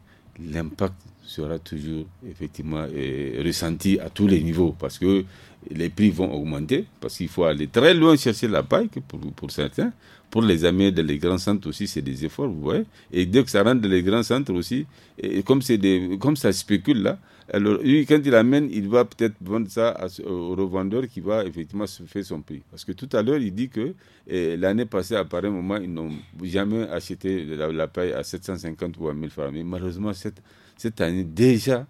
l'impact sera toujours effectivement euh, ressenti à tous les niveaux parce que les prix vont augmenter, parce qu'il faut aller très loin chercher la paille pour, pour certains. Pour les amis dans les grands centres aussi, c'est des efforts, vous voyez. Et dès que ça rentre dans les grands centres aussi, et comme, des, comme ça spécule là, alors, euh, lui, quand il amène, il va peut-être vendre ça au revendeur qui va effectivement se faire son prix. Parce que tout à l'heure, il dit que eh, l'année passée, à pareil moment, ils n'ont jamais acheté la, paille à 750 ou à 1000 francs. Mais malheureusement, cette, année, déjà,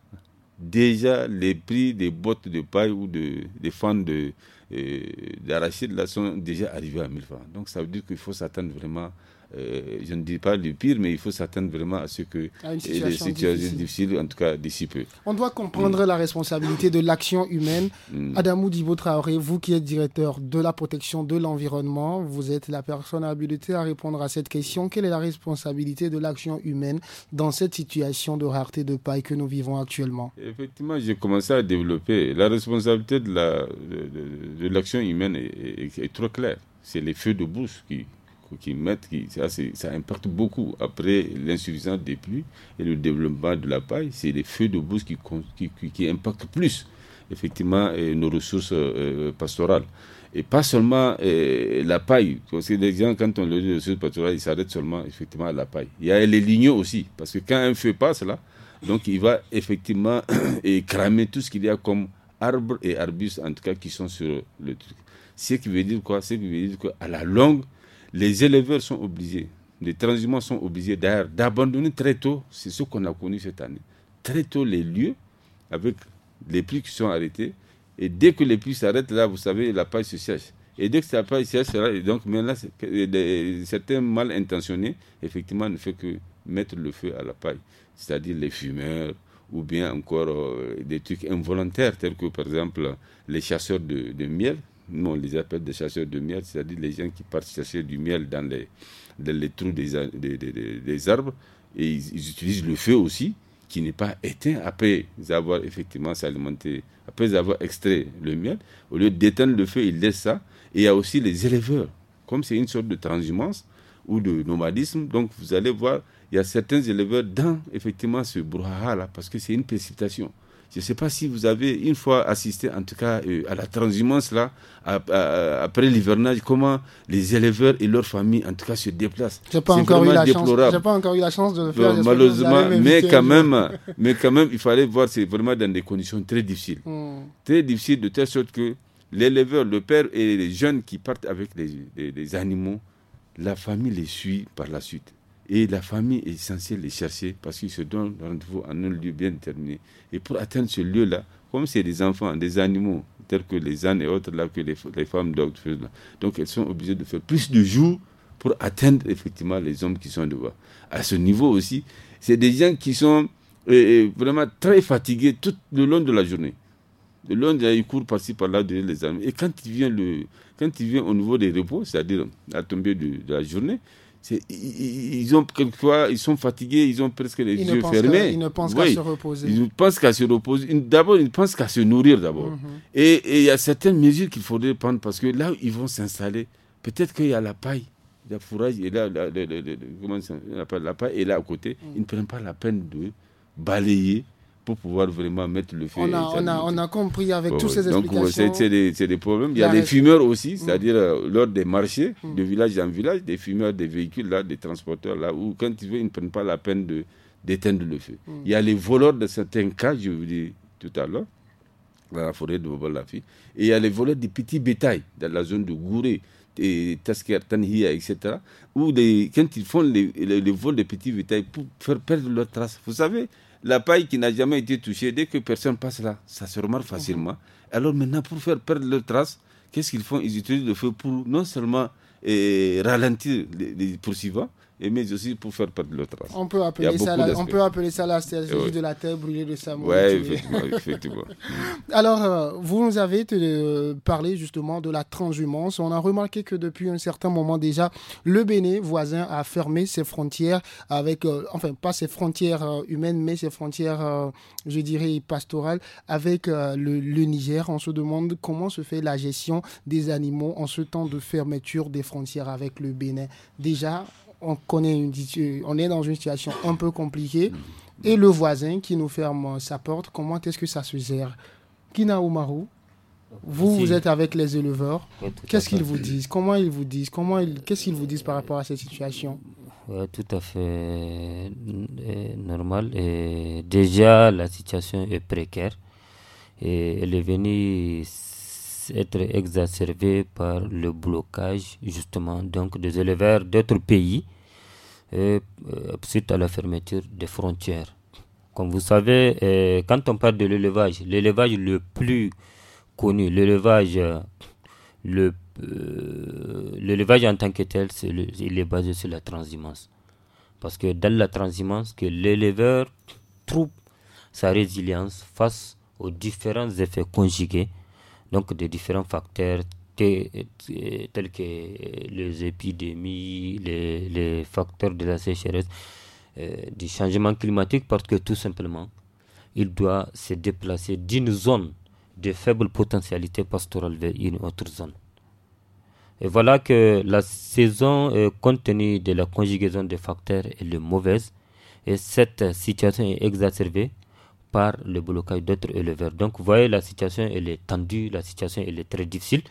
déjà, les prix des bottes de paille ou de, des fans de, euh, d'arachide sont déjà arrivés à 1000 francs. Donc, ça veut dire qu'il faut s'attendre vraiment euh, je ne dis pas le pire, mais il faut s'atteindre vraiment à ce que les situations difficiles, en tout cas d'ici peu. On doit comprendre la responsabilité de l'action humaine. Mm. Adamou Dibo vous qui êtes directeur de la protection de l'environnement, vous êtes la personne habilitée à répondre à cette question. Quelle est la responsabilité de l'action humaine dans cette situation de rareté de paille que nous vivons actuellement Effectivement, j'ai commencé à développer. La responsabilité de l'action la, de, humaine est, trop claire. C'est les feux de bouche qui, qui mettent, ça, impacte beaucoup. Après l'insuffisance des pluies et le développement de la paille, c'est les feux de brousse qui, qui, impactent plus effectivement euh, nos ressources euh, euh, pastorales. Et pas seulement la paille, parce que les gens, quand on le dit ressources pastorales, ils s'arrêtent seulement effectivement à la paille. Il y a les lignes aussi, parce que quand un feu passe là, donc il va effectivement <coughs> cramer tout ce qu'il y a comme arbres et arbustes, en tout cas, qui sont sur le truc. Ce qui veut dire quoi Ce qui veut dire qu'à la longue, les éleveurs sont obligés, les transhumants sont obligés d'ailleurs d'abandonner très tôt, c'est ce qu'on a connu cette année, très tôt les lieux avec les pluies qui sont arrêtés. Et dès que les pluies s'arrêtent, là, vous savez, la paille se sèche. Et dès que la paille sèche, là, et donc certains mal intentionnés, effectivement, ne font que mettre le feu à la paille. C'est-à-dire les fumeurs, ou bien encore euh, des trucs involontaires, tels que par exemple les chasseurs de miel, nous on les appelle des chasseurs de miel, c'est-à-dire les gens qui partent chercher du miel dans les, trous des, arbres, et ils, utilisent le feu aussi, qui n'est pas éteint après avoir effectivement s'alimenté, après avoir extrait le miel. Au lieu d'éteindre le feu, ils laissent ça. Et il y a aussi les éleveurs. Comme c'est une sorte de transhumance ou de nomadisme, donc vous allez voir, il y a certains éleveurs dans effectivement ce brouhaha-là, parce que c'est une précipitation. Je ne sais pas si vous avez une fois assisté, en tout cas, euh, à la transhumance, là, après l'hivernage, comment les éleveurs et leurs familles, en tout cas, se déplacent. Je pas, encore eu la chance, de le faire. malheureusement, mais quand, même, <laughs> mais quand même, il fallait voir, c'est vraiment dans des conditions très difficiles. Hmm. Très difficiles, de telle sorte que l'éleveur, le père et les jeunes qui partent avec les animaux, la famille les suit par la suite. Et la famille est essentielle les chercher parce qu'ils se donnent rendez-vous en un lieu bien déterminé. Et pour atteindre ce lieu-là, comme c'est des enfants, des animaux, tels que les ânes et autres, là que les, femmes doivent faire, donc elles sont obligées de faire plus de jours pour atteindre effectivement les hommes qui sont devant. À ce niveau aussi, c'est des gens qui sont euh, euh, vraiment très fatigués tout le long de la journée. Le long de la, ils par-ci par-là de les armes. Et quand ils viennent le, quand au niveau des repos, c'est-à-dire à tomber de la journée, ils ont quelquefois, ils sont fatigués, ils ont presque les yeux fermés. ils ne pensent qu'à se reposer. Ils ne pensent qu'à se reposer. D'abord, ils ne pensent qu'à se nourrir d'abord. Mhm. Et il y a certaines mesures qu'il faudrait prendre parce que là où ils vont s'installer, peut-être qu'il y a la paille, a fourrage, et là, la, comment la, paille, et là à côté. Mhm. Ils ne prennent pas la peine de balayer pour pouvoir vraiment mettre le feu. On a, compris avec toutes ces explications. Donc, c'est des, problèmes. Il y a des fumeurs aussi, mm. c'est-à-dire euh, lors des marchés, mm. de village en village, des fumeurs des véhicules, là, des transporteurs, là, où quand ils veulent, ils ne prennent pas la peine de, d'éteindre le feu. Mm. Il y a les voleurs de certains cas, je vous dis tout à l'heure, dans la forêt de Bobolafi, Et il y a les voleurs des petits bétails, dans la zone de Gouré et Tasker, Tanhia, etc., où quand ils font les, vol des petits bétails pour faire perdre leur trace, Vous savez, la paille qui n'a jamais été touchée, dès que personne passe là, ça se remarque oh. facilement. Alors maintenant, pour faire perdre leurs traces, qu'est-ce qu'ils font Ils utilisent le feu pour non seulement eh, ralentir les poursuivants, et mais aussi pour faire perdre le trace. On peut appeler, ça la, on peut appeler ça la de la terre brûlée de Oui, effectivement. <laughs> Mm. Alors, euh, vous nous avez euh, parlé justement de la transhumance. On a remarqué que depuis un certain moment déjà, le Bénin voisin a fermé ses frontières avec, euh, enfin, pas ses frontières humaines, mais ses frontières, je dirais, pastorales avec le Niger. On se demande comment se fait la gestion des animaux en ce temps de fermeture des frontières avec le Bénin. Déjà, on connaît une, on est dans une situation un peu compliquée et le voisin qui nous ferme sa porte, comment est-ce que ça se gère Kina Umaru, vous, vous êtes avec les éleveurs. qu'est-ce qu'ils vous disent Comment ils vous disent Comment Qu'est-ce qu'ils vous disent par rapport à cette situation Tout à fait euh, normal. déjà, la situation est précaire. Et elle est venue être exacerbé par le blocage justement donc des éleveurs d'autres pays euh, suite à la fermeture des frontières. Comme vous savez, euh, quand on parle de l'élevage, l'élevage le plus connu, l'élevage euh, le l'élevage en tant que tel, il est basé sur la transhumance. Parce que dans la transhumance, que l'éleveur trouve sa résilience face aux différents effets conjugués donc de différents facteurs tels que euh, les épidémies, les, facteurs de la sécheresse, euh, du changement climatique, parce que tout simplement, il doit se déplacer d'une zone de faible potentialité pastorale vers une autre zone. Et voilà que la saison, euh, compte tenu de la conjugaison des facteurs, est mauvaise. Et cette situation est exacerbée par le blocage d'autres éleveurs. Donc, vous voyez, la situation, elle est tendue, la situation, elle est très difficile.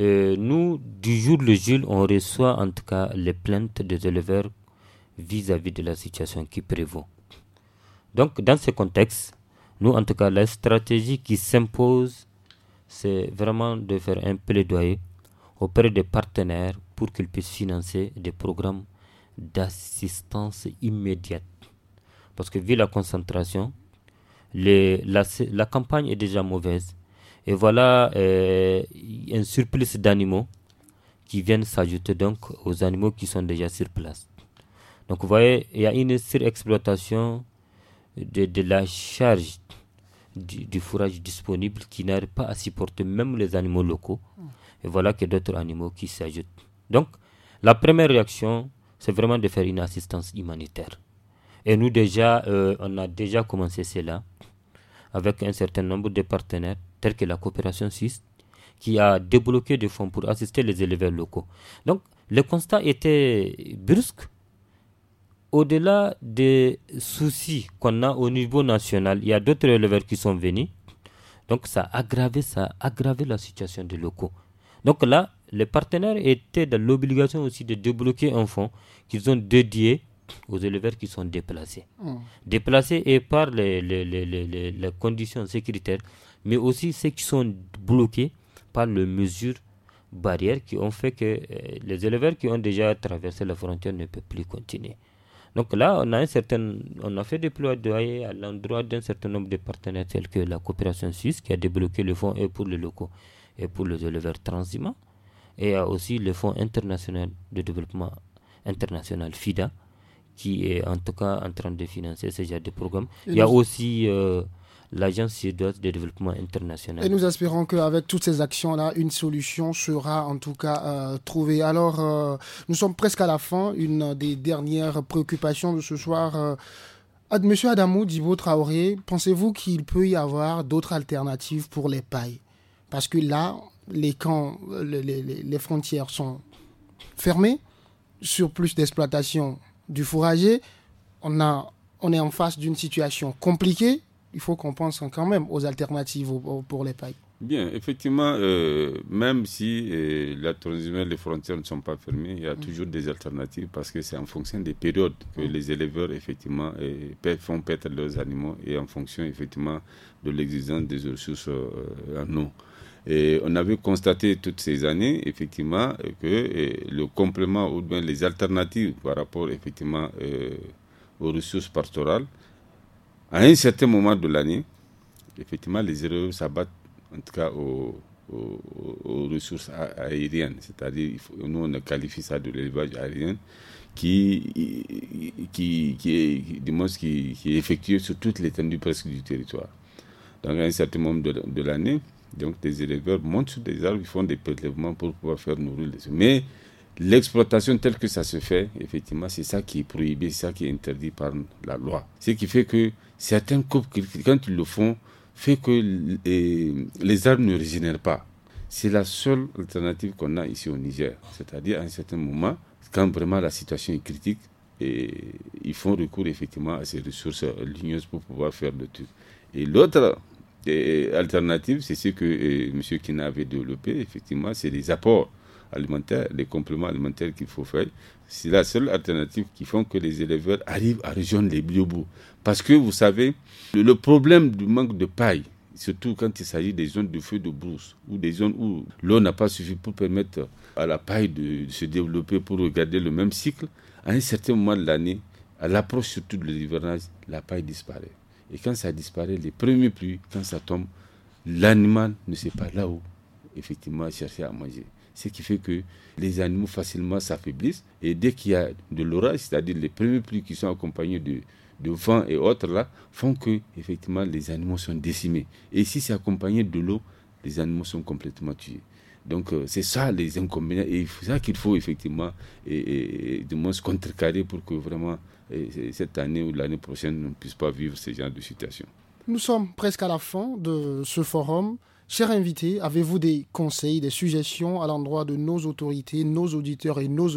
Euh, nous, du jour le jour, on reçoit en tout cas les plaintes des éleveurs vis-à-vis -vis de la situation qui prévaut. Donc, dans ce contexte, nous, en tout cas, la stratégie qui s'impose, c'est vraiment de faire un plaidoyer auprès des partenaires pour qu'ils puissent financer des programmes d'assistance immédiate. Parce que vu la concentration, la, campagne est déjà mauvaise. Et voilà euh, un surplus d'animaux qui viennent s'ajouter donc aux animaux qui sont déjà sur place. Donc vous voyez, il y a une surexploitation de, la charge du, fourrage disponible qui n'arrive pas à supporter même les animaux locaux. Et voilà que d'autres animaux qui s'ajoutent. Donc, la première réaction, c'est vraiment de faire une assistance humanitaire. Et nous déjà, euh, on a déjà commencé cela avec un certain nombre de partenaires, tels que la coopération suisse, qui a débloqué des fonds pour assister les éleveurs locaux. Donc, le constat était brusque. Au-delà des soucis qu'on a au niveau national, il y a d'autres éleveurs qui sont venus. Donc, ça a aggravé, ça a aggravé la situation des locaux. Donc là, les partenaires étaient dans l'obligation aussi de débloquer un fonds qu'ils ont dédié aux éleveurs qui sont déplacés. Mmh. Déplacés et par les, les, les, conditions sécuritaires, mais aussi ceux qui sont bloqués par les mesures barrières qui ont fait que euh, les éleveurs qui ont déjà traversé la frontière ne peuvent plus continuer. Donc là, on a, un certain, on a fait déployer à l'endroit d'un certain nombre de partenaires tels que la coopération suisse qui a débloqué le fonds et pour les locaux et pour les éleveurs transhumants et a aussi le fonds international de développement international FIDA qui est en tout cas en train de financer ces genre de programme. Il y a aussi euh, l'Agence sud-ouest de développement international. Et nous espérons qu'avec toutes ces actions-là, une solution sera en tout cas euh, trouvée. Alors, euh, nous sommes presque à la fin. Une des dernières préoccupations de ce soir. Monsieur Adamou votre Traoré, pensez-vous qu'il peut y avoir d'autres alternatives pour les pailles Parce que là, les camps, les, les, les frontières sont fermées sur plus d'exploitation du fourrager, on, on est en face d'une situation compliquée. Il faut qu'on pense quand même aux alternatives pour les pailles. Bien, effectivement, euh, même si euh, la transition les frontières ne sont pas fermées, il y a mm. toujours des alternatives parce que c'est en fonction des périodes que mm. les éleveurs, effectivement, euh, font perdre leurs animaux et en fonction, effectivement, de l'existence des ressources en eau. Et on avait constaté toutes ces années, effectivement, que euh, le complément ou bien les alternatives par rapport, effectivement, euh, aux ressources pastorales, à un certain moment de l'année, effectivement, les erreurs s'abattent, en tout cas, aux, ressources aériennes. C'est-à-dire, nous, on qualifie ça de l'élevage aérien qui, qui, est, qui, est effectué sur toute l'étendue presque du territoire. Donc, à un certain moment de l'année, donc des éleveurs montent sur des arbres, ils font des prélèvements pour pouvoir faire nourrir les oiseaux Mais l'exploitation telle que ça se fait, effectivement, c'est ça qui est prohibé, c'est ça qui est interdit par la loi. Ce qui fait que certains couples, quand ils le font, fait que les arbres ne régénèrent pas. C'est la seule alternative qu'on a ici au Niger. C'est-à-dire, à un certain moment, quand vraiment la situation est critique, et ils font recours effectivement à ces ressources ligneuses pour pouvoir faire le truc. Et l'autre alternative, c'est ce que M. Kina avait développé, effectivement, c'est les apports alimentaires, les compléments alimentaires qu'il faut faire. C'est la seule alternative qui font que les éleveurs arrivent à rejoindre les biobos. Parce que vous savez, le problème du manque de paille, surtout quand il s'agit des zones de feu de brousse ou des zones où l'eau n'a pas suffi pour permettre à la paille de se développer pour regarder le même cycle, à un certain moment de l'année, à l'approche surtout de l'hivernage, la paille disparaît. Et quand ça disparaît, les premiers pluies, quand ça tombe, l'animal ne sait pas là où, effectivement, chercher à manger. Ce qui fait que les animaux facilement s'affaiblissent. Et dès qu'il y a de l'orage, c'est-à-dire les premiers pluies qui sont accompagnées de, vent et autres, là, font que, effectivement, les animaux sont décimés. Et si c'est accompagné de l'eau, les animaux sont complètement tués. Donc, euh, c'est ça les inconvénients. Et c'est ça qu'il faut, effectivement, et, de moins se contrecarrer pour que vraiment et cette année ou l'année prochaine ne puisse pas vivre ce genre de situation. Nous sommes presque à la fin de ce forum. Chers invités, avez-vous des conseils, des suggestions à l'endroit de nos autorités, nos auditeurs et nos,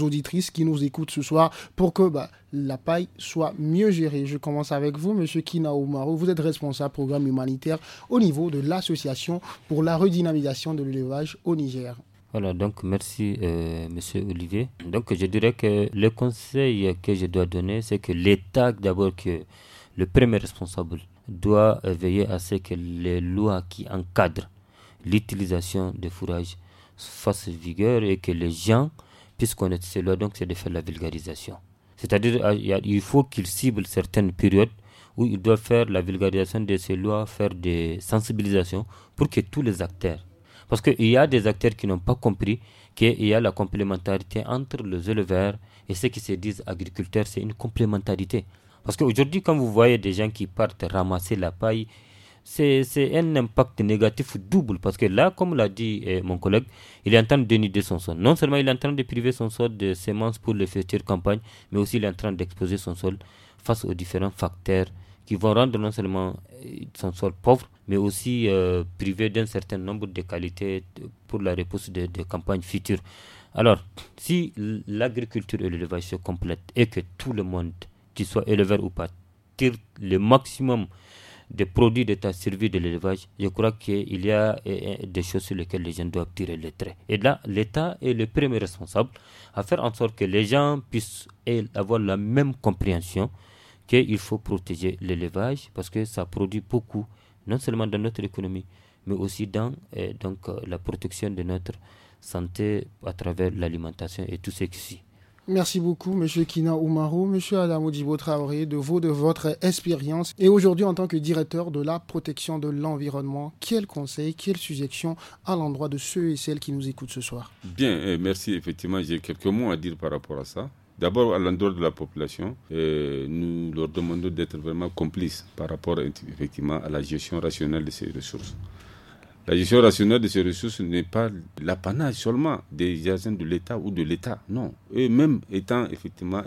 auditrices qui nous écoutent ce soir pour que bah, la paille soit mieux gérée Je commence avec vous, M. Kina Oumaru. Vous êtes responsable programme humanitaire au niveau de l'association pour la redynamisation de l'élevage au Niger. Voilà, donc merci euh, Monsieur Olivier. Donc je dirais que le conseil que je dois donner, c'est que l'État d'abord que le premier responsable doit euh, veiller à ce que les lois qui encadrent l'utilisation des fourrages fassent vigueur et que les gens puissent connaître ces lois. Donc c'est de faire la vulgarisation. C'est-à-dire ah, il faut qu'ils ciblent certaines périodes où ils doivent faire la vulgarisation de ces lois, faire des sensibilisations pour que tous les acteurs parce qu'il y a des acteurs qui n'ont pas compris qu'il y a la complémentarité entre les éleveurs et ceux qui se disent agriculteurs. C'est une complémentarité. Parce qu'aujourd'hui, quand vous voyez des gens qui partent ramasser la paille, c'est un impact négatif double. Parce que là, comme l'a dit eh, mon collègue, il est en train de dénuder son sol. Non seulement il est en train de priver son sol de semences pour les futures campagnes, mais aussi il est en train d'exposer son sol face aux différents facteurs qui vont rendre non seulement euh, son sol pauvre, mais aussi euh, privé d'un certain nombre de qualités pour la réponse des de campagnes futures. Alors, si l'agriculture et l'élevage se complètent et que tout le monde, qu'il soit éleveur ou pas, tire le maximum des produits de ta survie de l'élevage, je crois qu'il y a euh, des choses sur lesquelles les gens doivent tirer les traits. Et là, l'État est le premier responsable à faire en sorte que les gens puissent avoir la même compréhension qu'il faut protéger l'élevage parce que ça produit beaucoup, non seulement dans notre économie, mais aussi dans euh, donc, euh, la protection de notre santé à travers l'alimentation et tout ceci. Merci beaucoup, Monsieur Kina Oumarou, Monsieur Alamoudjibo Traoré, de vous, de votre expérience. Et aujourd'hui, en tant que directeur de la protection de l'environnement, quels conseils, quelles suggestions à l'endroit de ceux et celles qui nous écoutent ce soir Bien, euh, merci. Effectivement, j'ai quelques mots à dire par rapport à ça d'abord à l'endroit de la population, euh, nous leur demandons d'être vraiment complices par rapport effectivement à la gestion rationnelle de ces ressources. La gestion rationnelle de ces ressources n'est pas l'apanage seulement des agents de l'État ou de l'État, non. Eux-mêmes étant effectivement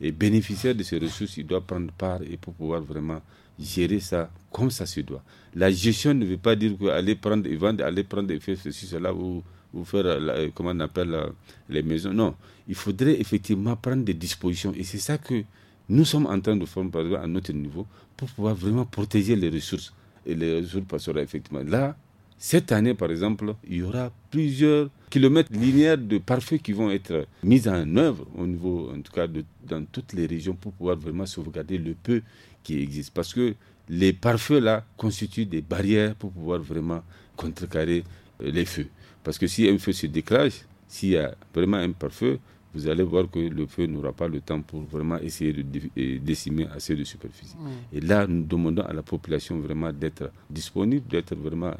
et bénéficiaires de ces ressources, ils doivent prendre part et pour pouvoir vraiment gérer ça comme ça se doit. La gestion ne veut pas dire aller prendre et vendre, aller prendre et faire ceci, cela ou ou faire, euh, euh, comment on appelle, euh, les maisons. Non, il faudrait effectivement prendre des dispositions. Et c'est ça que nous sommes en train de faire, par exemple, à notre niveau, pour pouvoir vraiment protéger les ressources. Et les ressources passera effectivement. Là, cette année, par exemple, il y aura plusieurs kilomètres linéaires de parfums qui vont être mis en œuvre au niveau, en tout cas, de, dans toutes les régions pour pouvoir vraiment sauvegarder le peu qui existe. Parce que les pare là constituent des barrières pour pouvoir vraiment contrecarrer les feux. Parce que si un feu se déclenche, s'il y a vraiment un pare-feu, vous allez voir que le feu n'aura pas le temps pour vraiment essayer de décimer assez de superficie. Et là, nous demandons à la population vraiment d'être disponible, d'être vraiment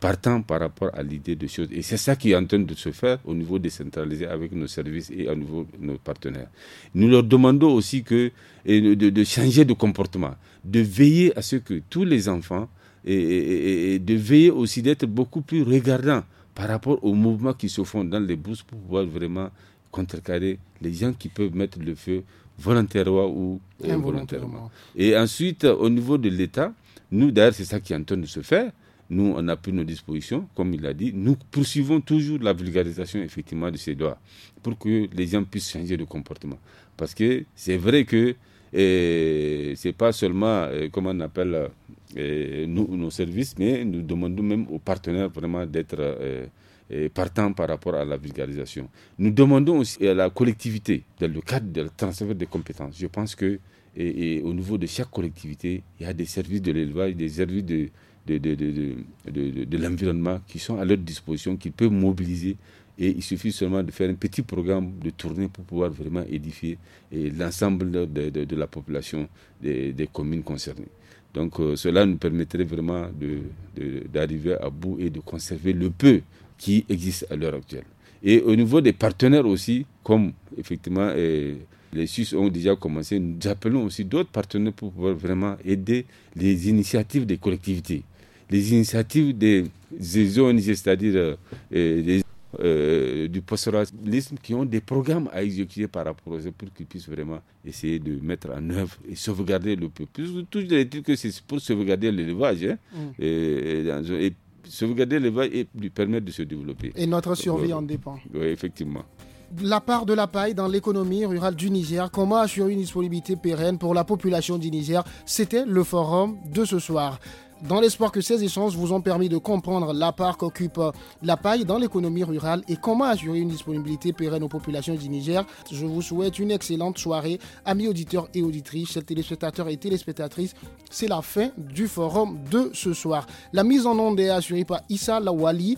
partant par rapport à l'idée de choses. Et c'est ça qui est en train de se faire au niveau décentralisé avec nos services et au niveau de nos partenaires. Nous leur demandons aussi que, de, changer de comportement, de veiller à ce que tous les enfants et, et, de veiller aussi d'être beaucoup plus regardant par rapport aux mouvements qui se font dans les bourses pour pouvoir vraiment contrecarrer les gens qui peuvent mettre le feu volontairement ou involontairement. Et ensuite, au niveau de l'État, nous, d'ailleurs, c'est ça qui est en train de se faire. Nous, on a pris nos dispositions, comme il l'a dit. Nous poursuivons toujours la vulgarisation, effectivement, de ces droits pour que les gens puissent changer de comportement. Parce que c'est vrai que et ce n'est pas seulement, euh, comment on appelle, euh, nos services, mais nous demandons même aux partenaires vraiment d'être euh, partants par rapport à la vulgarisation. Nous demandons aussi à la collectivité, dans le cadre du transfert des compétences, je pense que au niveau de chaque collectivité, il y a des services de l'élevage, des services de, de, de, de l'environnement qui sont à leur disposition, qui peuvent mobiliser et il suffit seulement de faire un petit programme de tournée pour pouvoir vraiment édifier l'ensemble de, la population des, communes concernées. Donc euh, cela nous permettrait vraiment d'arriver à bout et de conserver le peu qui existe à l'heure actuelle. Et au niveau des partenaires aussi, comme effectivement euh, les Suisses ont déjà commencé, nous appelons aussi d'autres partenaires pour pouvoir vraiment aider les initiatives des collectivités, les initiatives des, zones, c'est-à-dire euh, des euh, du pastoralisme qui ont des programmes à exécuter par rapport aux pour qu'ils puissent vraiment essayer de mettre en œuvre et sauvegarder le peuple. tout, est-il que c'est pour sauvegarder l'élevage. Hein, mm. et, sauvegarder l'élevage et lui permettre de se développer. Et notre survie en dépend. Oui, effectivement la part de la paille dans l'économie rurale du Niger, comment assurer une disponibilité pérenne pour la population du Niger, c'était le forum de ce soir dans l'espoir que ces échanges vous ont permis de comprendre la part qu'occupe la paille dans l'économie rurale et comment assurer une disponibilité pérenne aux populations du Niger. Je vous souhaite une excellente soirée, amis auditeurs et auditrices, chers téléspectateurs et téléspectatrices. C'est la fin du forum de ce soir. La mise en onde est assurée par Issa Lawali.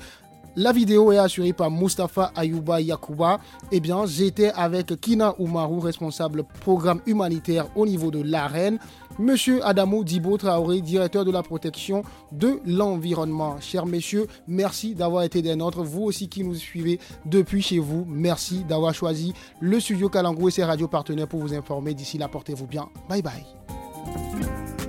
La vidéo est assurée par Mustafa Ayouba Yakuba. Eh bien, j'étais avec Kina Oumarou, responsable programme humanitaire au niveau de l'arène. Monsieur Adamo Dibo Traoré, directeur de la protection de l'environnement. Chers messieurs, merci d'avoir été des nôtres. Vous aussi qui nous suivez depuis chez vous, merci d'avoir choisi le studio Kalangou et ses radios partenaires pour vous informer. D'ici là, portez-vous bien. Bye bye.